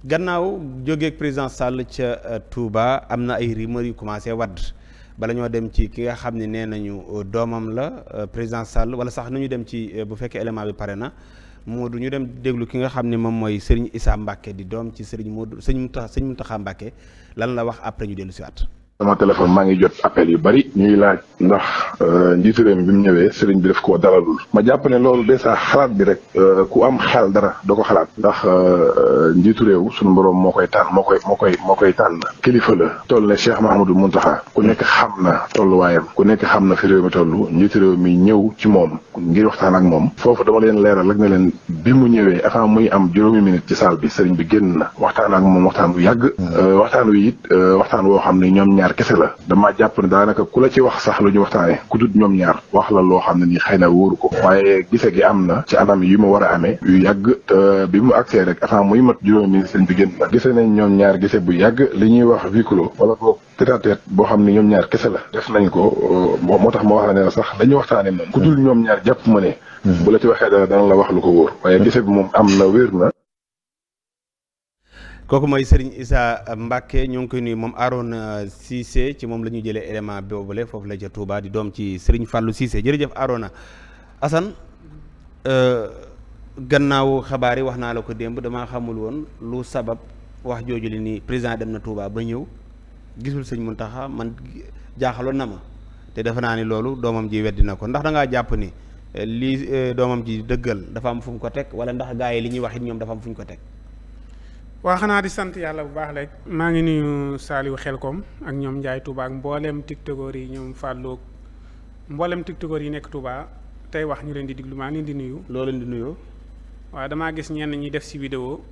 gannaaw jógeeg président Sall ca euh, Touba am na ay rumeur yu commencé wadd bala ñoo dem ci ki nga xam ne nee nañu euh, doomam la euh, président Sall wala sax na ñu dem ci bu fekkee élément bi pare na Moodu ñu dem déglu ki nga xam ne moom mooy Serigne Issa Mbacke di doom ci Serigne Moodu Serigne Mountakha mu Mountakha Mbacke lan la wax après ñu dellu si waat sama téléphone maa ngi jot appel yu bari ñuy laaj ndax euh, njiitu réew mi bi mu ñëwee sëriñ bi def koo dalalul ma jàpp ne loolu de sa xalaat bi rek euh, ku am xel dara da ko xalaat ndax euh, njiitu réew suñu boroom moo koy tànn moo koy moo koy moo koy tànn kilifa la toll ne Cheikh mun Muntaxa ku nekk xam na tolluwaayam ku nekk xam na fi réew mi toll njiitu réew mi ñëw ci moom ngir waxtaan ak moom foofu dama leen leeral rek ne leen bi mu ñëwee avant muy am juróomi minute ci salle bi seriñ bi génn na waxtaan ak moom waxtaan bu yàgg hmm. waxtaan wi it waxtaan woo xam ne ñoom ñaar kese la damaa jàpp ne daanaka ku la ci wax sax lu ñu waxtaane ku dut ñoom ñaar wax la loo xam ne ni xëy na wóoru ko waaye gise gi am na ci anam yi mu war a amee yu yàgg te bi mu agsee rek avant muy mat juróomi ministre bi gën gise nañ ñoom ñaar gise bu yàgg li ñuy wax huis clos wala ko tête boo xam ne ñoom ñaar kese la def nañ ko moo tax ma wax la ne sax dañu waxtaane moom ku dul ñoom ñaar jàpp ma ne hmm. bu la ci waxee dara dana la wax lu ko wóor waaye gise bi moom am na wér na kooku mooy Serigne Issa Mbacke ñoo ngi koy nuyu moom Arona euh, Cissé ci moom la ñu jëlee élément boobule foofu la ca Touba di doom ci Serigne Fallou Cissé jërëjëf Arona Assane euh, gannaaw xabaar yi wax naa la ko démb damaa xamul woon lu sabab wax jooju li ni président dem na tuubaa ba ñëw gisul sëñ Mountakha man jaaxaloon na ma te defe naa ni loolu doomam ji weddi na ko ndax da jàpp ni euh, lii doomam ji dëggal dafa am fu mu ko teg wala ndax gaa yi li ñuy wax ñoom dafa fu ñu ko teg. waa xanaa di sant yàlla bu baax rek maa ngi nuyu Saliou koom ak ñoom njaay tubaak ak mboolem tiktokor yi ñoom Fallou mboolem tiktokor yi nekk Touba tey wax ñu leen di diglu maa leen di nuyu. loo leen di nuyoo. waaw damaa gis ñenn ñi def si vidéo.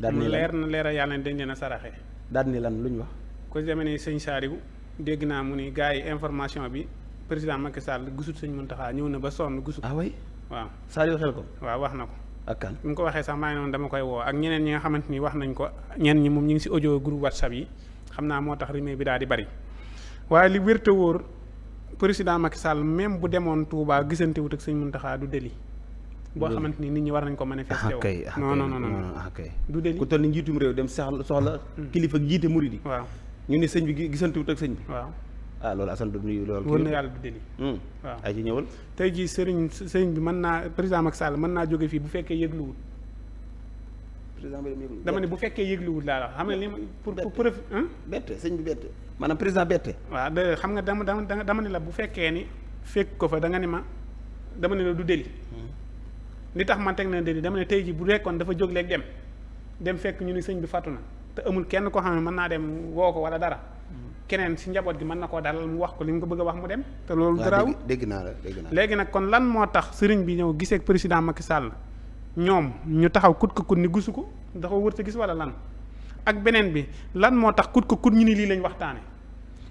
daal leer na leer yàlla dañ leen a saraxe. daal ni lan lu ñu wax. ko demee ni sëñ Saliou dégg naa mu ni gars yi information bi président Macky Sall gisut sëñ Mountakha ñëw na ba sonn gisut. ah oui waaw Saliou Xelkom wax na ko. ak kan bi ko waxee sax maa ngi noonu dama koy woo ak ñeneen ñi nga xamante wax nañ ko ñenn ñi moom ñu ngi si audio groupe whatsapp yi xam naa moo tax rime bi daal di bari waaye li wér te wóor président Macky Sall même bu demoon Touba gisante wut ak sëñ taxaa du deli boo xamante ni nit ñi war nañ ko manifester ah, ah, kay non non non non ah, kay du deli ku toll ni njiitum réew dem soxla soxla mm. kilifa jiite murid yi waaw ñu ne sëñ bi gisante wut ak sëñ bi waaw ah loolu Assane du nuyu loolu. wër na yàlla du deli. Hmm. waaw ay ci ñëwal. tey jii sëriñ sëriñ bi mën naa président Macky Sall mën naa jóge fii bu fekkee yëgluwul. président bi dama ne bu fekkee yëgluwul laa la xam nga pour pour pour. bette sëñ bi bette maanaam président bette. waaw de xam nga dama dama dama ne la bu fekkee ni fekk ko fa da nga ne ma dama ne la du deli. Hmm. li tax man teg na deli dama ne tey jii bu rekkoon dafa jóg léegi dem dem fekk ñu ni sëñ bi fattu na te amul kenn ko xam ne mën naa dem woo ko wala dara. keneen si njaboot gi mën na koo dalal mu wax ko li mu ko bëgg a wax mu dem te loolu garaaw dégg naa la dégg naa léegi nag kon lan moo tax sëriñ bi ñëw gisee ak président Macky sàll ñoom ñu taxaw kut ko kut ni gisu ko dafa wër sa gis wala lan ak beneen bi lan moo tax kut ko kut ñu ni lii lañ waxtaane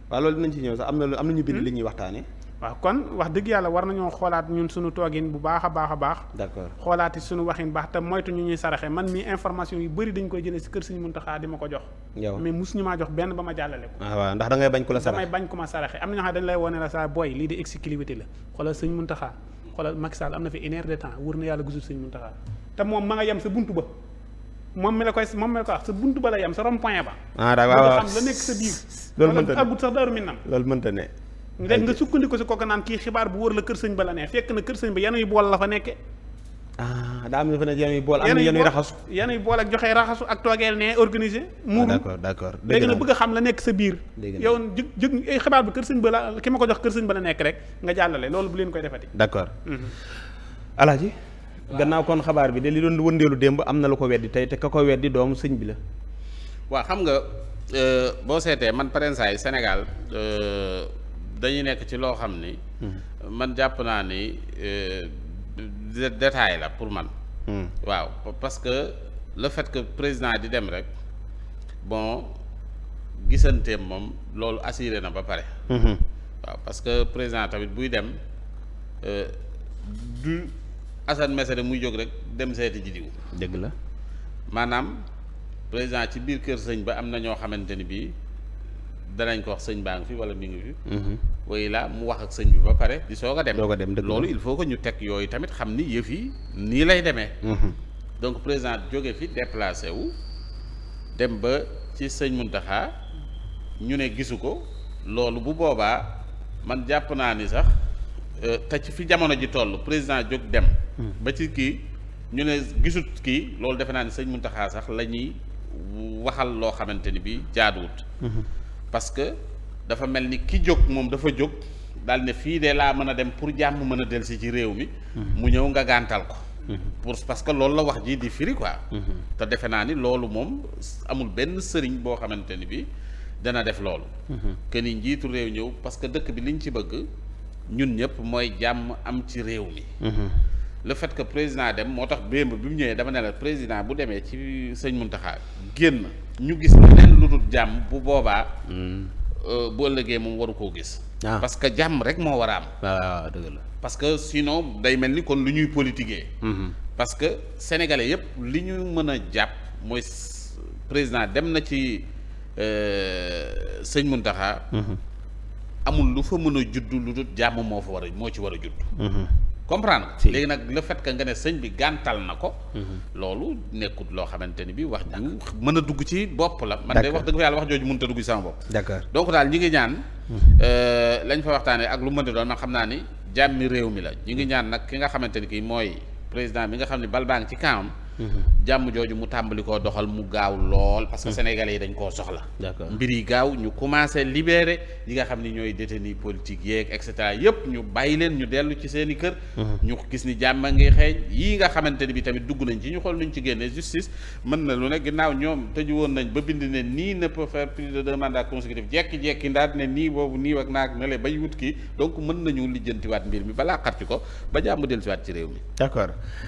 waaw loolu dinañ ci ñëw sax am na am na ñu bind hmm? li ñuy waxtaane waaw kon wax dëgg yàlla war nañoo xoolaat ñun suñu toogin bu baax a baax a baax d'accord xoolaati suñu waxin baax te moytu ñu ñuy saraxe man mii information yu bëri dañ koy jëlee si kër Sëriñ Muntaxa di ma ko jox mais mosuñu maa jox benn ba ma jàllale ko ah waaw ndax da ngay bañ ku la saraxe damay bañ ku ma saraxe am na ñoo xam dañ lay wone la sa booy lii di exclusivité la xoolal Sëriñ Muntaxa xoolal Macky Sall am na fi une heure de temps wër na yàlla gisul Sëriñ Muntaxa te moom ma nga yem sa buntu ba moom mi la koy moom mi la sa buntu ba la yem sa rond point ba ah d'accord xam la nekk loolu mënta ne ne rek nga sukkandiku si kooku naan kii xibaar bu wóor la kër sëñ ba la ne fekk na kër sëñ ba yenuy bool la fa nekke ah, daa am na fa ne yenuy bool am na raxasu yenuy bool ak joxe ak toogeel ne organisé ah, muur d'accord d'accord léegi nag bëgg xam la nekk sa biir yow jëg jëg eh, xibaar bu kër sëñ ba la ki ma ko jox kër sëñ ba la nekk rek nga jàllale loolu bu leen koy defati d'accord mhm. alaaji gannaaw kon xabaar bi de li doon wëndeelu démb am na lu ko weddi tey te ka ko weddi doomu sëñ bi la waaw xam nga euh, boo seetee man parrainage Sénégal euh, dañu nekk ci loo xam ni. man jàpp naa ni euh, détail la pour man. Hmm. waaw parce que le fait que président di dem rek bon gisanteem moom loolu assuré na ba pare. Hmm. waaw parce que président tamit buy dem euh, du Assane Mesere muy jóg rek dem seeti ji diw. dëgg la maanaam président ci biir kër sëñ ba am na ñoo xamante ni bii. danañ ko wax sëñ baa ngi fi wala mu ngi fi. Mhm. way la mu wax ak sëñ bi ba pare di soog ko dem. soog loolu il faut que ñu teg yooyu tamit xam ni yëf nii lay demee. Mhm. donc président jóge fi déplacé wu dem ba ci sëñ Muntaxa ñu ne gisu ko loolu bu boobaa man jàpp naa ni sax euh, te fi jamono ji toll président jóg dem. Mhm. ba ci kii ñu ne gisut kii loolu defe naa ni sëñ Muntaxa sax lañuy ñuy waxal loo xamante ni bi jaaduwut. parce que dafa mel ni ki jóg moom dafa jóg daal ne fii de laa mën a dem pour jàmm mën a delsi ci réew mi mu ñëw nga gàntal ko pour parce que loolu la wax ji di firi quoi te defe naa ni loolu moom amul benn sëriñ boo xamante ni bi dana def loolu kenn njiitu réew ñëw parce que dëkk bi liñ ci bëgg ñun ñëpp mooy jàmm am ci réew mi le fait que président dem moo tax démb bi mu ñëwee dama ne président bu demee ci sëñ Muntaxa génn ñu gis leneen lu dul jàmm bu boobaa. Euh, bu ëllëgee moom waru koo gis. Ah. parce que jàmm rek moo war a am. waaw ah, ah, parce que sinon day mel ni kon lu ñuy politiquer. Mm-hmm. parce que sénégalais yëpp li ñu mën a jàpp mooy président dem na ci euh, sëñ Muntaxa. Mm-hmm. amul lu fa mën a judd lu dul jàmm moo fa war a moo ci war a judd. Mm-hmm. comprendre nga. léegi nag le fait que nga ne sëñ bi gàntal na ko. Mhm. loolu nekkut loo xamante ni bi wax ju mën a dugg ci bopp la. man de wax dëgg fa yàlla wax jooju mënut a dugg ci sama bopp. d'accord daal ñi ngi ñaan. Mhm. Euh, lañ fa waxtaanee ak lu mën di doon man xam naa ni jàmmi réew mi la ñi ngi mhm. ñaan nag ki nga xamante ni kii mooy président bi nga xam ne bal baa ngi ci kanam. jàmm jooju mu tàmbali koo doxal mu gaaw lool parce que hmm. sénégalais yi dañ koo soxla mbir yi gaaw ñu commencé libérer ñi nga xam ni ñooy détenus politiques yeeg et cetera yëpp ñu bàyyi leen ñu dellu ci seen i kër hmm. ñu gis ni jàmm ngi xeeñ yii nga xamante ni bi tamit dugg nañ ci ñu xool nuñ ci génne justice mën na lu ne ginnaaw ñoom tëju woon nañ ba bind ne nii ne peut faire plus de deux mandats consécutifs jekki-jekki ndaat ne nii boobu nii ak naak ne le bay wut kii donc mën nañu lijjantiwaat mbir mi balaa xarti ko ba jàmm dellusiwaat ci réew mi d'accord